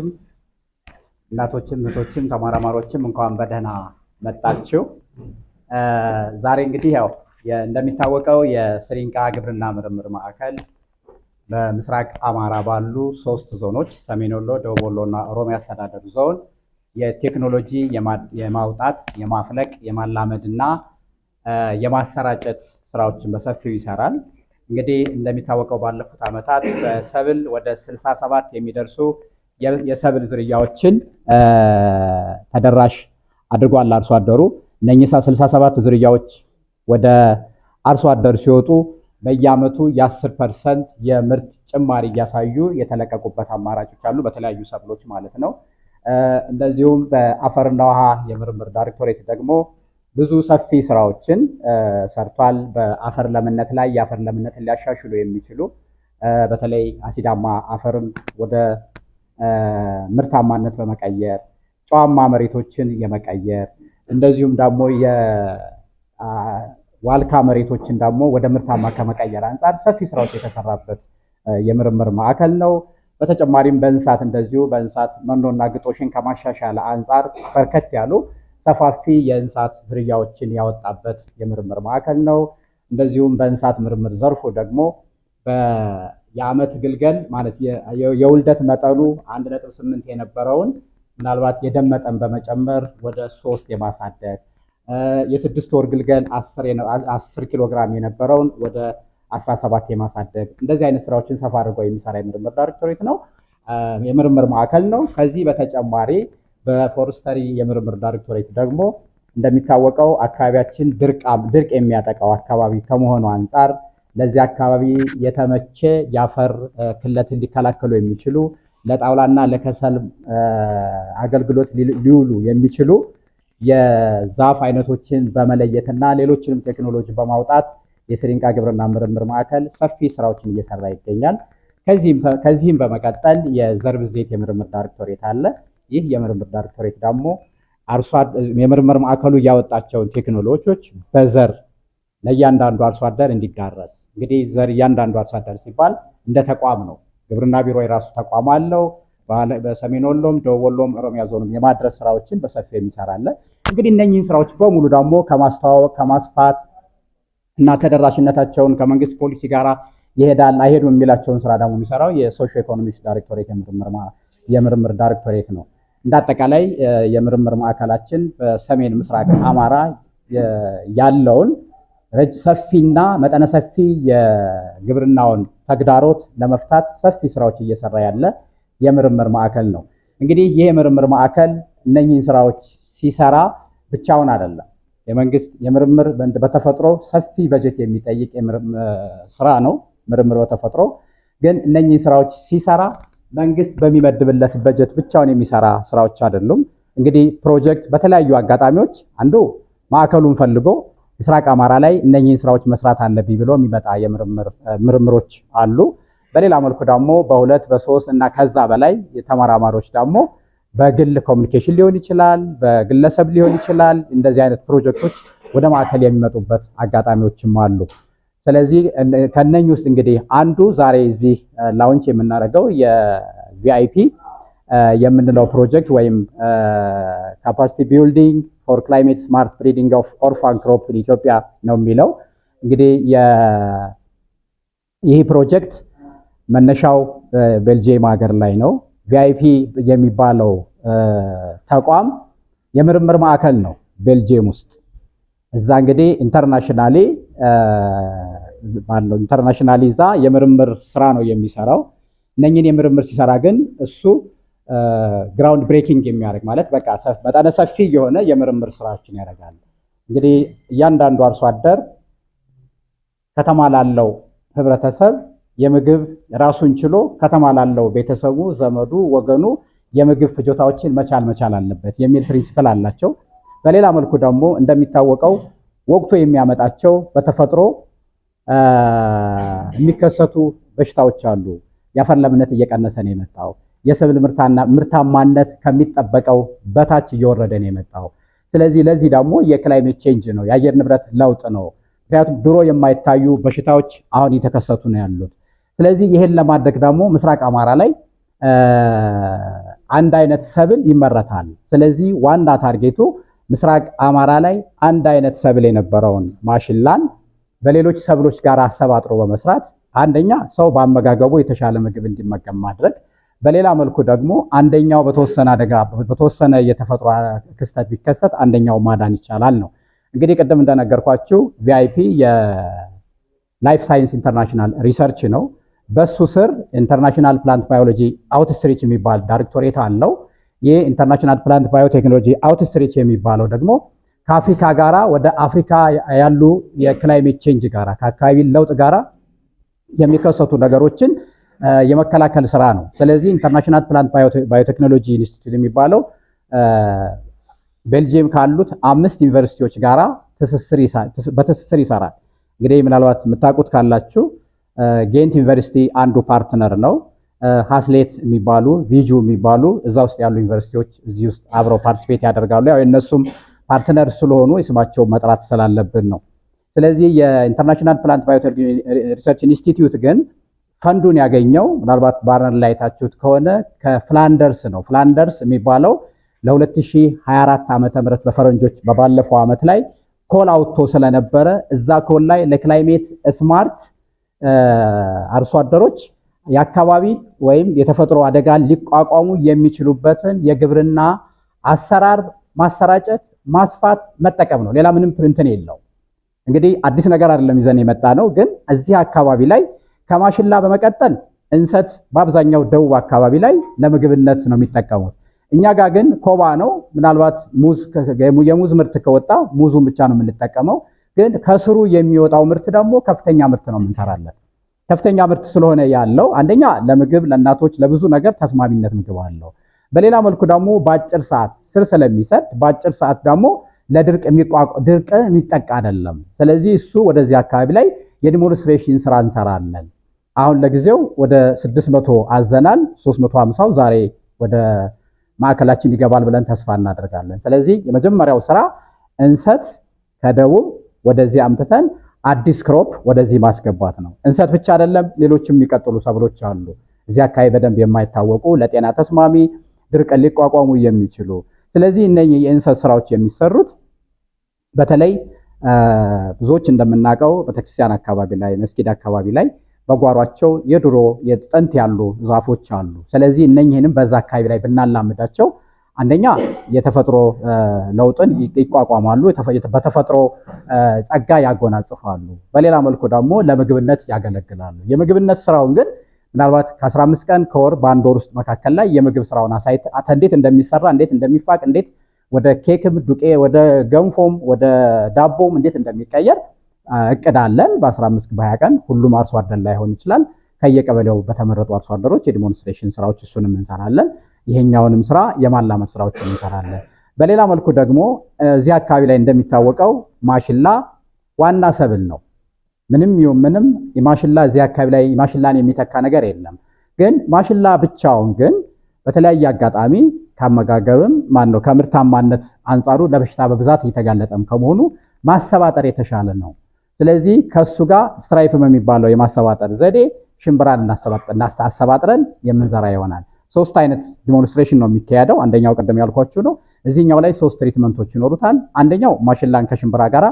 ወንድሞችም እናቶችም እህቶችም ተመራማሪዎችም እንኳን በደህና መጣችሁ። ዛሬ እንግዲህ ያው እንደሚታወቀው የስሪንቃ ግብርና ምርምር ማዕከል በምስራቅ አማራ ባሉ ሶስት ዞኖች ሰሜን ወሎ፣ ደቡብ ወሎ እና ኦሮሚያ አስተዳደር ዞን የቴክኖሎጂ የማውጣት የማፍለቅ የማላመድ እና የማሰራጨት ስራዎችን በሰፊው ይሰራል። እንግዲህ እንደሚታወቀው ባለፉት ዓመታት በሰብል ወደ ስልሳ ሰባት የሚደርሱ የሰብል ዝርያዎችን ተደራሽ አድርጓል። አርሶ አደሩ እነኚህ 67 ዝርያዎች ወደ አርሶ አደር ሲወጡ በየዓመቱ የ10 ፐርሰንት የምርት ጭማሪ እያሳዩ የተለቀቁበት አማራጮች አሉ፣ በተለያዩ ሰብሎች ማለት ነው። እንደዚሁም በአፈርና ውሃ የምርምር ዳይሬክቶሬት ደግሞ ብዙ ሰፊ ስራዎችን ሰርቷል። በአፈር ለምነት ላይ የአፈር ለምነትን ሊያሻሽሉ የሚችሉ በተለይ አሲዳማ አፈርን ወደ ምርታማነት በመቀየር ጨዋማ መሬቶችን የመቀየር እንደዚሁም ደግሞ የዋልካ መሬቶችን ደግሞ ወደ ምርታማ ከመቀየር አንጻር ሰፊ ስራዎች የተሰራበት የምርምር ማዕከል ነው። በተጨማሪም በእንስሳት እንደዚሁ በእንስሳት መኖና ግጦሽን ከማሻሻል አንጻር በርከት ያሉ ሰፋፊ የእንስሳት ዝርያዎችን ያወጣበት የምርምር ማዕከል ነው። እንደዚሁም በእንስሳት ምርምር ዘርፉ ደግሞ የአመት ግልገል ማለት የውልደት መጠኑ አንድ ነጥብ ስምንት የነበረውን ምናልባት የደም መጠን በመጨመር ወደ ሶስት የማሳደግ የስድስት ወር ግልገል አስር ኪሎ ግራም የነበረውን ወደ አስራ ሰባት የማሳደግ እንደዚህ አይነት ስራዎችን ሰፋ አድርጎ የሚሰራ የምርምር ዳይሬክቶሬት ነው፣ የምርምር ማዕከል ነው። ከዚህ በተጨማሪ በፎረስተሪ የምርምር ዳይሬክቶሬት ደግሞ እንደሚታወቀው አካባቢያችን ድርቅ የሚያጠቃው አካባቢ ከመሆኑ አንጻር ለዚህ አካባቢ የተመቸ የአፈር ክለት ሊከላከሉ የሚችሉ ለጣውላና ለከሰል አገልግሎት ሊውሉ የሚችሉ የዛፍ አይነቶችን በመለየትና ሌሎችንም ቴክኖሎጂ በማውጣት የስሪንቃ ግብርና ምርምር ማዕከል ሰፊ ስራዎችን እየሰራ ይገኛል። ከዚህም በመቀጠል የዘር ብዜት የምርምር ዳይሬክቶሬት አለ። ይህ የምርምር ዳይሬክቶሬት ደግሞ የምርምር ማዕከሉ እያወጣቸውን ቴክኖሎጂዎች በዘር ለእያንዳንዱ አርሶ አደር እንዲዳረስ እንግዲህ ዘር እያንዳንዱ አርሶ አደር ሲባል እንደ ተቋም ነው። ግብርና ቢሮ የራሱ ተቋም አለው። በሰሜን ወሎም፣ ደቡብ ወሎም፣ ኦሮሚያ ዞንም የማድረስ ስራዎችን በሰፊ የሚሰራለ እንግዲህ እነኝህን ስራዎች በሙሉ ደግሞ ከማስተዋወቅ ከማስፋት እና ተደራሽነታቸውን ከመንግስት ፖሊሲ ጋር ይሄዳል አይሄዱም የሚላቸውን ስራ ደግሞ የሚሰራው የሶሽ ኢኮኖሚክስ ዳይሬክቶሬት የምርምር ዳይሬክቶሬት ነው። እንዳጠቃላይ የምርምር ማዕከላችን በሰሜን ምስራቅ አማራ ያለውን ሰፊና መጠነ ሰፊ የግብርናውን ተግዳሮት ለመፍታት ሰፊ ስራዎች እየሰራ ያለ የምርምር ማዕከል ነው። እንግዲህ ይህ የምርምር ማዕከል እነኚህን ስራዎች ሲሰራ ብቻውን አይደለም። የመንግስት የምርምር በተፈጥሮ ሰፊ በጀት የሚጠይቅ ስራ ነው። ምርምር በተፈጥሮ ግን እነኚህን ስራዎች ሲሰራ መንግስት በሚመድብለት በጀት ብቻውን የሚሰራ ስራዎች አይደሉም። እንግዲህ ፕሮጀክት በተለያዩ አጋጣሚዎች አንዱ ማዕከሉን ፈልጎ ምስራቅ አማራ ላይ እነኚህን ስራዎች መስራት አለብኝ ብሎ የሚመጣ የምርምሮች አሉ። በሌላ መልኩ ደግሞ በሁለት በሶስት እና ከዛ በላይ የተመራማሪዎች ደግሞ በግል ኮሚኒኬሽን ሊሆን ይችላል፣ በግለሰብ ሊሆን ይችላል። እንደዚህ አይነት ፕሮጀክቶች ወደ ማዕከል የሚመጡበት አጋጣሚዎችም አሉ። ስለዚህ ከነኝ ውስጥ እንግዲህ አንዱ ዛሬ እዚህ ላውንች የምናደርገው የቪአይፒ የምንለው ፕሮጀክት ወይም ካፓሲቲ ቢልዲንግ ፎር ክላይሜት ስማርት ብሪዲንግ ኦፍ ኦርፋን ክሮፕ ኢትዮጵያ ነው የሚለው። እንግዲህ ይህ ፕሮጀክት መነሻው ቤልጅየም ሀገር ላይ ነው። ቪአይፒ የሚባለው ተቋም የምርምር ማዕከል ነው ቤልጅየም ውስጥ። እዛ እንግዲህ ኢንተርናሽናሊ ባለው ኢንተርናሽናሊ እዛ የምርምር ስራ ነው የሚሰራው። እነኝን የምርምር ሲሰራ ግን እሱ ግራውንድ ብሬኪንግ የሚያደርግ ማለት በቃ መጠነ ሰፊ የሆነ የምርምር ስራዎችን ያደርጋል። እንግዲህ እያንዳንዱ አርሶ አደር ከተማ ላለው ህብረተሰብ የምግብ ራሱን ችሎ ከተማ ላለው ቤተሰቡ፣ ዘመዱ፣ ወገኑ የምግብ ፍጆታዎችን መቻል መቻል አለበት የሚል ፕሪንሲፕል አላቸው። በሌላ መልኩ ደግሞ እንደሚታወቀው ወቅቱ የሚያመጣቸው በተፈጥሮ የሚከሰቱ በሽታዎች አሉ። የአፈር ለምነት እየቀነሰ ነው የመጣው። የሰብል ምርታማነት ከሚጠበቀው በታች እየወረደ ነው የመጣው። ስለዚህ ለዚህ ደግሞ የክላይሜት ቼንጅ ነው የአየር ንብረት ለውጥ ነው። ምክንያቱም ድሮ የማይታዩ በሽታዎች አሁን እየተከሰቱ ነው ያሉት። ስለዚህ ይህን ለማድረግ ደግሞ ምስራቅ አማራ ላይ አንድ አይነት ሰብል ይመረታል። ስለዚህ ዋና ታርጌቱ ምስራቅ አማራ ላይ አንድ አይነት ሰብል የነበረውን ማሽላን በሌሎች ሰብሎች ጋር አሰባጥሮ በመስራት አንደኛ ሰው በአመጋገቡ የተሻለ ምግብ እንዲመገብ ማድረግ በሌላ መልኩ ደግሞ አንደኛው በተወሰነ አደጋ በተወሰነ የተፈጥሮ ክስተት ቢከሰት አንደኛው ማዳን ይቻላል ነው። እንግዲህ ቅድም እንደነገርኳችሁ ቪአይፒ የላይፍ ሳይንስ ኢንተርናሽናል ሪሰርች ነው። በሱ ስር ኢንተርናሽናል ፕላንት ባዮሎጂ አውትስትሪች የሚባል ዳይሬክቶሬት አለው። ይህ ኢንተርናሽናል ፕላንት ባዮቴክኖሎጂ አውትስትሪች የሚባለው ደግሞ ከአፍሪካ ጋራ ወደ አፍሪካ ያሉ የክላይሜት ቼንጅ ጋራ ከአካባቢ ለውጥ ጋራ የሚከሰቱ ነገሮችን የመከላከል ስራ ነው። ስለዚህ ኢንተርናሽናል ፕላንት ባዮቴክኖሎጂ ኢንስቲትዩት የሚባለው ቤልጅየም ካሉት አምስት ዩኒቨርሲቲዎች ጋራ በትስስር ይሰራል። እንግዲህ ምናልባት የምታውቁት ካላችሁ ጌንት ዩኒቨርሲቲ አንዱ ፓርትነር ነው። ሀስሌት የሚባሉ ቪጁ የሚባሉ እዛ ውስጥ ያሉ ዩኒቨርሲቲዎች እዚህ ውስጥ አብረው ፓርቲስፔት ያደርጋሉ። ያው እነሱም ፓርትነር ስለሆኑ የስማቸው መጥራት ስላለብን ነው። ስለዚህ የኢንተርናሽናል ፕላንት ባዮቴክ ሪሰርች ኢንስቲትዩት ግን ፈንዱን ያገኘው ምናልባት ባነር ላይ ታችሁት ከሆነ ከፍላንደርስ ነው። ፍላንደርስ የሚባለው ለ2024 ዓ ም በፈረንጆች በባለፈው ዓመት ላይ ኮል አውጥቶ ስለነበረ እዛ ኮል ላይ ለክላይሜት ስማርት አርሶ አደሮች የአካባቢ ወይም የተፈጥሮ አደጋ ሊቋቋሙ የሚችሉበትን የግብርና አሰራር ማሰራጨት፣ ማስፋት፣ መጠቀም ነው። ሌላ ምንም ፕሪንትን የለው። እንግዲህ አዲስ ነገር አይደለም ይዘን የመጣ ነው። ግን እዚህ አካባቢ ላይ ከማሽላ በመቀጠል እንሰት በአብዛኛው ደቡብ አካባቢ ላይ ለምግብነት ነው የሚጠቀሙት። እኛ ጋር ግን ኮባ ነው። ምናልባት የሙዝ ምርት ከወጣ ሙዙን ብቻ ነው የምንጠቀመው። ግን ከስሩ የሚወጣው ምርት ደግሞ ከፍተኛ ምርት ነው የምንሰራለን። ከፍተኛ ምርት ስለሆነ ያለው አንደኛ ለምግብ ለእናቶች ለብዙ ነገር ተስማሚነት ምግብ አለው። በሌላ መልኩ ደግሞ በአጭር ሰዓት ስር ስለሚሰድ በአጭር ሰዓት ደግሞ ለድርቅ ድርቅ የሚጠቃ አይደለም። ስለዚህ እሱ ወደዚህ አካባቢ ላይ የዲሞንስትሬሽን ስራ እንሰራለን። አሁን ለጊዜው ወደ 600 አዘናል። ዛሬ ወደ ማዕከላችን ይገባል ብለን ተስፋ እናደርጋለን። ስለዚህ የመጀመሪያው ስራ እንሰት ከደቡብ ወደዚህ አምጥተን አዲስ ክሮፕ ወደዚህ ማስገባት ነው። እንሰት ብቻ አይደለም፣ ሌሎችም የሚቀጥሉ ሰብሎች አሉ እዚህ አካባቢ በደንብ የማይታወቁ ለጤና ተስማሚ ድርቅን ሊቋቋሙ የሚችሉ ስለዚህ እነኚህ የእንሰት ስራዎች የሚሰሩት በተለይ ብዙዎች እንደምናውቀው ቤተክርስቲያን አካባቢ ላይ መስጊድ አካባቢ ላይ በጓሯቸው የድሮ የጥንት ያሉ ዛፎች አሉ። ስለዚህ እነኝህንም በዛ አካባቢ ላይ ብናላምዳቸው አንደኛ የተፈጥሮ ለውጥን ይቋቋማሉ፣ በተፈጥሮ ጸጋ ያጎናጽፋሉ። በሌላ መልኩ ደግሞ ለምግብነት ያገለግላሉ። የምግብነት ስራውን ግን ምናልባት ከ15 ቀን ከወር በአንድ ወር ውስጥ መካከል ላይ የምግብ ስራውን አሳይት እንዴት እንደሚሰራ እንዴት እንደሚፋቅ እንዴት ወደ ኬክም ዱቄ ወደ ገንፎም ወደ ዳቦም እንዴት እንደሚቀየር እቅድ አለን። በ15 በ20 ቀን ሁሉም አርሶ አደር ላይሆን ይችላል። ከየቀበሌው በተመረጡ አርሶ አደሮች የዲሞንስትሬሽን ስራዎች እሱንም እንሰራለን። ይሄኛውንም ስራ የማላመድ ስራዎች እንሰራለን። በሌላ መልኩ ደግሞ እዚህ አካባቢ ላይ እንደሚታወቀው ማሽላ ዋና ሰብል ነው። ምንም ይሁን ምንም ማሽላ እዚህ አካባቢ ላይ ማሽላን የሚተካ ነገር የለም። ግን ማሽላ ብቻውን ግን በተለያየ አጋጣሚ ከአመጋገብም ማን ነው ከምርታማነት አንጻሩ ለበሽታ በብዛት እየተጋለጠም ከመሆኑ ማሰባጠር የተሻለ ነው። ስለዚህ ከሱ ጋር ስትራይፕ የሚባለው የማሰባጠር ዘዴ ሽምብራን እናሰባጥረን የምንዘራ ይሆናል። ሶስት አይነት ዲሞንስትሬሽን ነው የሚካሄደው። አንደኛው ቅድም ያልኳችሁ ነው። እዚህኛው ላይ ሶስት ትሪትመንቶች ይኖሩታል። አንደኛው ማሽላን ከሽምብራ ጋራ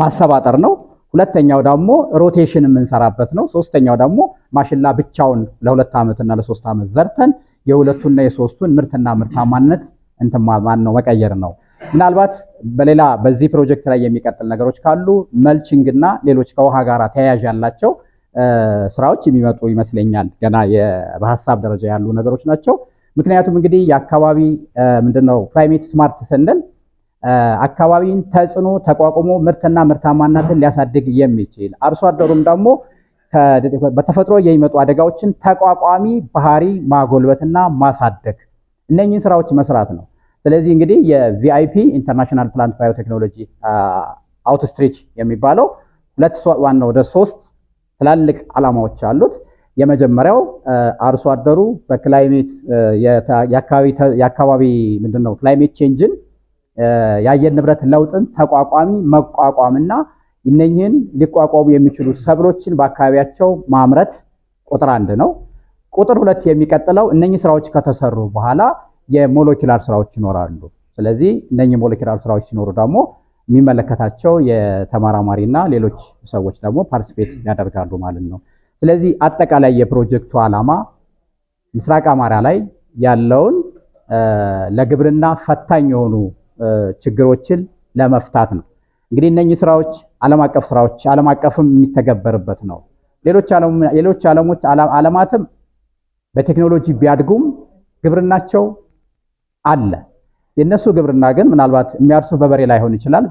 ማሰባጠር ነው። ሁለተኛው ደግሞ ሮቴሽን የምንሰራበት ነው። ሶስተኛው ደግሞ ማሽላ ብቻውን ለሁለት ዓመትና ለሶስት ዓመት ዘርተን የሁለቱና የሶስቱን ምርትና ምርታማነት እንትን ማን ነው መቀየር ነው። ምናልባት በሌላ በዚህ ፕሮጀክት ላይ የሚቀጥል ነገሮች ካሉ መልቺንግ እና ሌሎች ከውሃ ጋር ተያያዥ ያላቸው ስራዎች የሚመጡ ይመስለኛል። ገና በሀሳብ ደረጃ ያሉ ነገሮች ናቸው። ምክንያቱም እንግዲህ የአካባቢ ምንድነው ክላይሜት ስማርት ስንል አካባቢን ተጽዕኖ ተቋቁሞ ምርትና ምርታማነትን ሊያሳድግ የሚችል አርሶ አደሩም ደግሞ በተፈጥሮ የሚመጡ አደጋዎችን ተቋቋሚ ባህሪ ማጎልበትና ማሳደግ እነኝህን ስራዎች መስራት ነው። ስለዚህ እንግዲህ የቪአይፒ ኢንተርናሽናል ፕላንት ባዮቴክኖሎጂ አውትስትሪች የሚባለው ሁለት ዋና ወደ ሶስት ትላልቅ ዓላማዎች አሉት። የመጀመሪያው አርሶ አደሩ በክላይሜት የአካባቢ ምንድን ነው ክላይሜት ቼንጅን የአየር ንብረት ለውጥን ተቋቋሚ መቋቋምና እነኝህን ሊቋቋሙ የሚችሉ ሰብሎችን በአካባቢያቸው ማምረት ቁጥር አንድ ነው። ቁጥር ሁለት የሚቀጥለው እነኚህ ስራዎች ከተሰሩ በኋላ የሞለኪላር ስራዎች ይኖራሉ። ስለዚህ እነኚህ ሞለኪላር ስራዎች ሲኖሩ ደግሞ የሚመለከታቸው የተመራማሪና ሌሎች ሰዎች ደግሞ ፓርቲስፔት ያደርጋሉ ማለት ነው። ስለዚህ አጠቃላይ የፕሮጀክቱ ዓላማ ምስራቅ አማራ ላይ ያለውን ለግብርና ፈታኝ የሆኑ ችግሮችን ለመፍታት ነው። እንግዲህ እነኚህ ስራዎች ዓለም አቀፍ ስራዎች ዓለም አቀፍም የሚተገበርበት ነው። ሌሎች ዓለሞች ዓለማትም በቴክኖሎጂ ቢያድጉም ግብርናቸው አለ። የእነሱ ግብርና ግን ምናልባት የሚያርሱ በበሬ ላይሆን ይችላል፣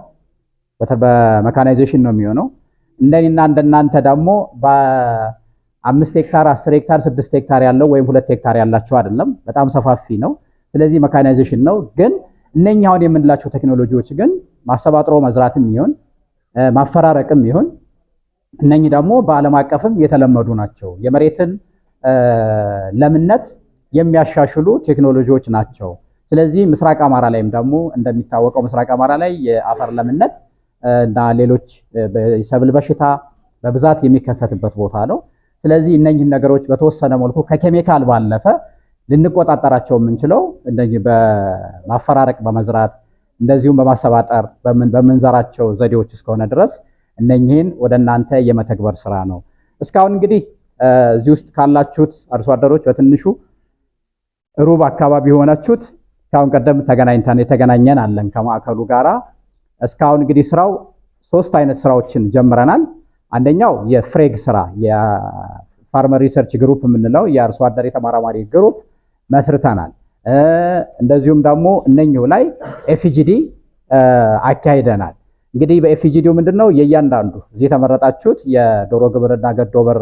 በመካናይዜሽን ነው የሚሆነው። እንደኔና እንደናንተ ደግሞ በአምስት ሄክታር፣ አስር ሄክታር፣ ስድስት ሄክታር ያለው ወይም ሁለት ሄክታር ያላቸው አይደለም። በጣም ሰፋፊ ነው። ስለዚህ መካናይዜሽን ነው። ግን እነኛ አሁን የምንላቸው ቴክኖሎጂዎች ግን ማሰባጥሮ መዝራትም ይሁን ማፈራረቅም ይሁን እነኚህ ደግሞ በዓለም አቀፍም የተለመዱ ናቸው። የመሬትን ለምነት የሚያሻሽሉ ቴክኖሎጂዎች ናቸው። ስለዚህ ምስራቅ አማራ ላይም ደግሞ እንደሚታወቀው ምስራቅ አማራ ላይ የአፈር ለምነት እና ሌሎች የሰብል በሽታ በብዛት የሚከሰትበት ቦታ ነው። ስለዚህ እነኚህን ነገሮች በተወሰነ መልኩ ከኬሚካል ባለፈ ልንቆጣጠራቸው የምንችለው እንደዚህ በማፈራረቅ በመዝራት እንደዚሁም በማሰባጠር በምንዘራቸው ዘዴዎች እስከሆነ ድረስ እነኚህን ወደ እናንተ የመተግበር ስራ ነው። እስካሁን እንግዲህ እዚህ ውስጥ ካላችሁት አርሶ አደሮች በትንሹ ሩብ አካባቢ የሆናችሁት ከአሁን ቀደም ተገናኝተን የተገናኘን አለን ከማዕከሉ ጋራ። እስካሁን እንግዲህ ስራው ሶስት አይነት ስራዎችን ጀምረናል። አንደኛው የፍሬግ ስራ የፋርመር ሪሰርች ግሩፕ የምንለው የአርሶ አደር የተመራማሪ ግሩፕ መስርተናል። እንደዚሁም ደግሞ እነኚሁ ላይ ኤፍጂዲ አካሂደናል። እንግዲህ በኤፍጂዲው ምንድን ነው የእያንዳንዱ እዚህ የተመረጣችሁት የዶሮ ግብርና ገዶበር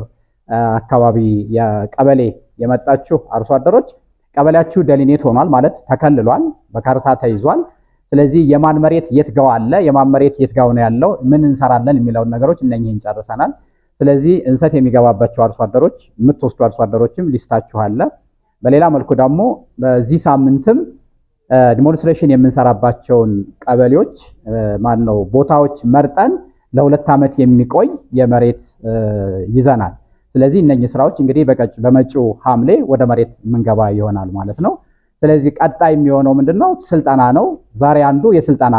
አካባቢ የቀበሌ የመጣችሁ አርሶ አደሮች ቀበሌያችሁ ደሊኔት ሆኗል ማለት ተከልሏል፣ በካርታ ተይዟል። ስለዚህ የማን መሬት የትጋው አለ፣ የማን መሬት ጋው ነው ያለው፣ ምን እንሰራለን የሚለውን ነገሮች እነኚህን ጨርሰናል። ስለዚህ እንሰት የሚገባባቸው አርሶ አደሮች የምትወስዱ አርሶ አደሮችም ሊስታችሁ አለ። በሌላ መልኩ ደግሞ በዚህ ሳምንትም ዲሞንስትሬሽን የምንሰራባቸውን ቀበሌዎች ማን ነው ቦታዎች መርጠን ለሁለት ዓመት የሚቆይ የመሬት ይዘናል። ስለዚህ እነኚህ ስራዎች እንግዲህ በመጪው ሐምሌ ወደ መሬት የምንገባ ይሆናል ማለት ነው። ስለዚህ ቀጣይ የሚሆነው ምንድን ነው? ስልጠና ነው። ዛሬ አንዱ የስልጠና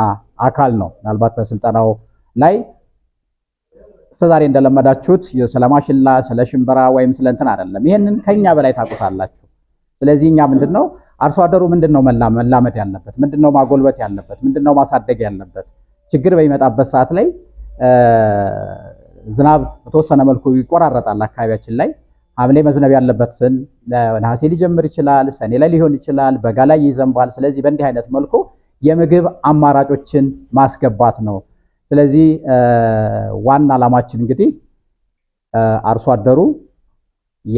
አካል ነው። ምናልባት በስልጠናው ላይ እስከዛሬ እንደለመዳችሁት ስለ ማሽላ፣ ስለ ሽንበራ ወይም ስለ እንትን አይደለም። ይህንን ከኛ በላይ ታውቁታላችሁ። ስለዚህ እኛ ምንድን ነው አርሶ አደሩ ምንድን ነው መላመድ ያለበት ምንድን ነው ማጎልበት ያለበት ምንድን ነው ማሳደግ ያለበት ችግር በሚመጣበት ሰዓት ላይ ዝናብ በተወሰነ መልኩ ይቆራረጣል አካባቢያችን ላይ ሐምሌ መዝነብ ያለበትን ነሐሴ ሊጀምር ይችላል፣ ሰኔ ላይ ሊሆን ይችላል፣ በጋ ላይ ይዘንባል። ስለዚህ በእንዲህ አይነት መልኩ የምግብ አማራጮችን ማስገባት ነው። ስለዚህ ዋና ዓላማችን እንግዲህ አርሶ አደሩ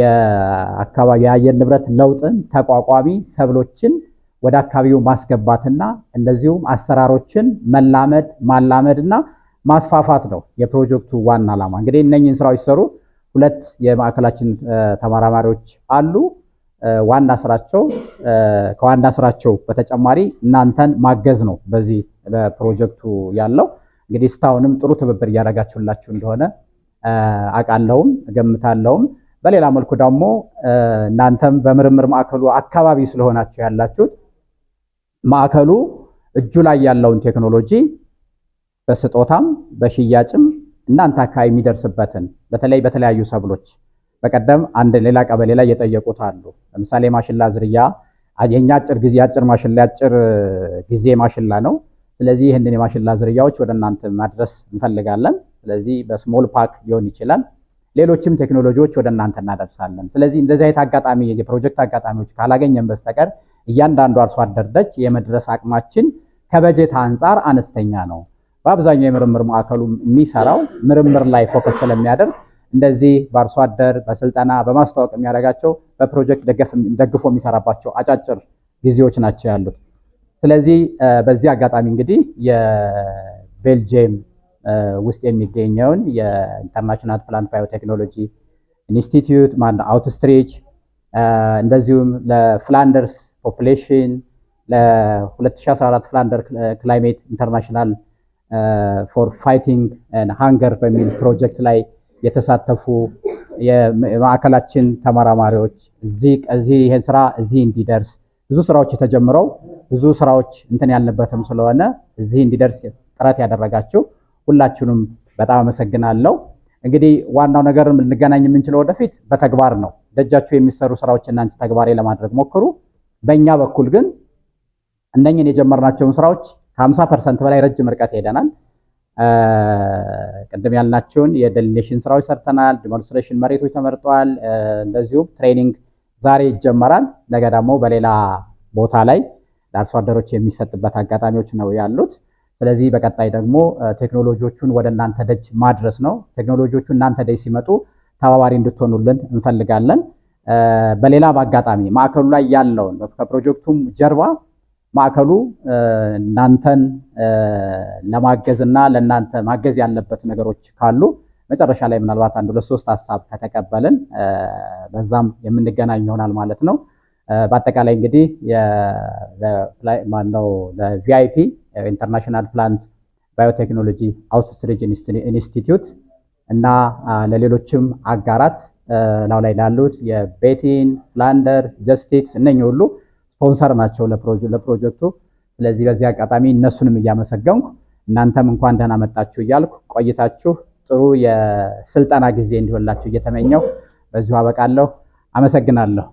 የአካባቢ የአየር ንብረት ለውጥን ተቋቋሚ ሰብሎችን ወደ አካባቢው ማስገባትና እንደዚሁም አሰራሮችን መላመድ ማላመድ እና ማስፋፋት ነው የፕሮጀክቱ ዋና ዓላማ። እንግዲህ እነኝን ስራዎች ሲሰሩ ሁለት የማዕከላችን ተመራማሪዎች አሉ። ዋና ስራቸው ከዋና ስራቸው በተጨማሪ እናንተን ማገዝ ነው በዚህ በፕሮጀክቱ ያለው። እንግዲህ እስካሁንም ጥሩ ትብብር እያደረጋችሁላችሁ እንደሆነ አውቃለሁም እገምታለሁም። በሌላ መልኩ ደግሞ እናንተም በምርምር ማዕከሉ አካባቢ ስለሆናችሁ ያላችሁት ማዕከሉ እጁ ላይ ያለውን ቴክኖሎጂ በስጦታም በሽያጭም እናንተ አካባቢ የሚደርስበትን በተለይ በተለያዩ ሰብሎች በቀደም አንድ ሌላ ቀበሌ ላይ የጠየቁት አሉ። ለምሳሌ ማሽላ ዝርያ የኛ አጭር ጊዜ አጭር ማሽላ አጭር ጊዜ ማሽላ ነው። ስለዚህ ይህንን የማሽላ ዝርያዎች ወደ እናንተ ማድረስ እንፈልጋለን። ስለዚህ በስሞል ፓክ ሊሆን ይችላል። ሌሎችም ቴክኖሎጂዎች ወደ እናንተ እናደርሳለን። ስለዚህ እንደዚህ አይነት አጋጣሚ የፕሮጀክት አጋጣሚዎች ካላገኘን በስተቀር እያንዳንዱ አርሶ አደር ደጅ የመድረስ አቅማችን ከበጀት አንጻር አነስተኛ ነው። በአብዛኛው የምርምር ማዕከሉ የሚሰራው ምርምር ላይ ፎከስ ስለሚያደርግ እንደዚህ በአርሶ አደር በስልጠና በማስታወቅ የሚያደርጋቸው በፕሮጀክት ደግፎ የሚሰራባቸው አጫጭር ጊዜዎች ናቸው ያሉት። ስለዚህ በዚህ አጋጣሚ እንግዲህ የቤልጅየም ውስጥ የሚገኘውን የኢንተርናሽናል ፕላንት ባዮቴክኖሎጂ ኢንስቲትዩት ማ አውትስትሪች እንደዚሁም ለፍላንደርስ ፖፕሌሽን ለ2014 ፍላንደር ክላይሜት ኢንተርናሽናል ፎር ፋይቲንግ ሃንገር በሚል ፕሮጀክት ላይ የተሳተፉ የማዕከላችን ተመራማሪዎች እዚህ ይህን ስራ እዚህ እንዲደርስ ብዙ ስራዎች የተጀምረው ብዙ ስራዎች እንትን ያለበትም ስለሆነ እዚህ እንዲደርስ ጥረት ያደረጋችሁ ሁላችሁንም በጣም አመሰግናለሁ። እንግዲህ ዋናው ነገር ልንገናኝ የምንችለው ወደፊት በተግባር ነው። ደጃችሁ የሚሰሩ ስራዎች እናንተ ተግባሬ ለማድረግ ሞክሩ። በእኛ በኩል ግን እነኝን የጀመርናቸውን ስራዎች ከ ፐርሰንት በላይ ረጅም ርቀት ሄደናል። ቅድም ያልናቸውን የደሊኔሽን ስራዎች ሰርተናል። ዲሞንስትሬሽን መሬቶች ተመርጠዋል። እንደዚሁም ትሬኒንግ ዛሬ ይጀመራል። ነገ ደግሞ በሌላ ቦታ ላይ ለአርሶ አደሮች የሚሰጥበት አጋጣሚዎች ነው ያሉት። ስለዚህ በቀጣይ ደግሞ ቴክኖሎጂዎቹን ወደ እናንተ ደጅ ማድረስ ነው። ቴክኖሎጂዎቹ እናንተ ደጅ ሲመጡ ተባባሪ እንድትሆኑልን እንፈልጋለን። በሌላ በአጋጣሚ ማዕከሉ ላይ ያለውን ከፕሮጀክቱም ጀርባ ማዕከሉ እናንተን ለማገዝ እና ለእናንተ ማገዝ ያለበት ነገሮች ካሉ መጨረሻ ላይ ምናልባት አንድ ሁለት ሶስት ሀሳብ ከተቀበልን በዛም የምንገናኝ ይሆናል ማለት ነው። በአጠቃላይ እንግዲህ ማነው ለቪአይፒ ኢንተርናሽናል ፕላንት ባዮቴክኖሎጂ አውትስትሪጅ ኢንስቲትዩት እና ለሌሎችም አጋራት ላው ላይ ላሉት የቤቲን ፍላንደር ጀስቲክስ እነኚህ ሁሉ ስፖንሰር ናቸው ለፕሮጀክቱ። ስለዚህ በዚህ አጋጣሚ እነሱንም እያመሰገንኩ እናንተም እንኳን ደህና መጣችሁ እያልኩ ቆይታችሁ ጥሩ የስልጠና ጊዜ እንዲሆንላችሁ እየተመኘው በዚሁ አበቃለሁ። አመሰግናለሁ።